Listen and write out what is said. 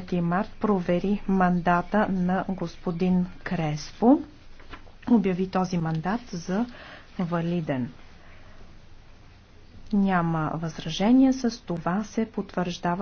3 март провери мандата на господин Креспо. Обяви този мандат за валиден. Няма възражение, с това се потвърждава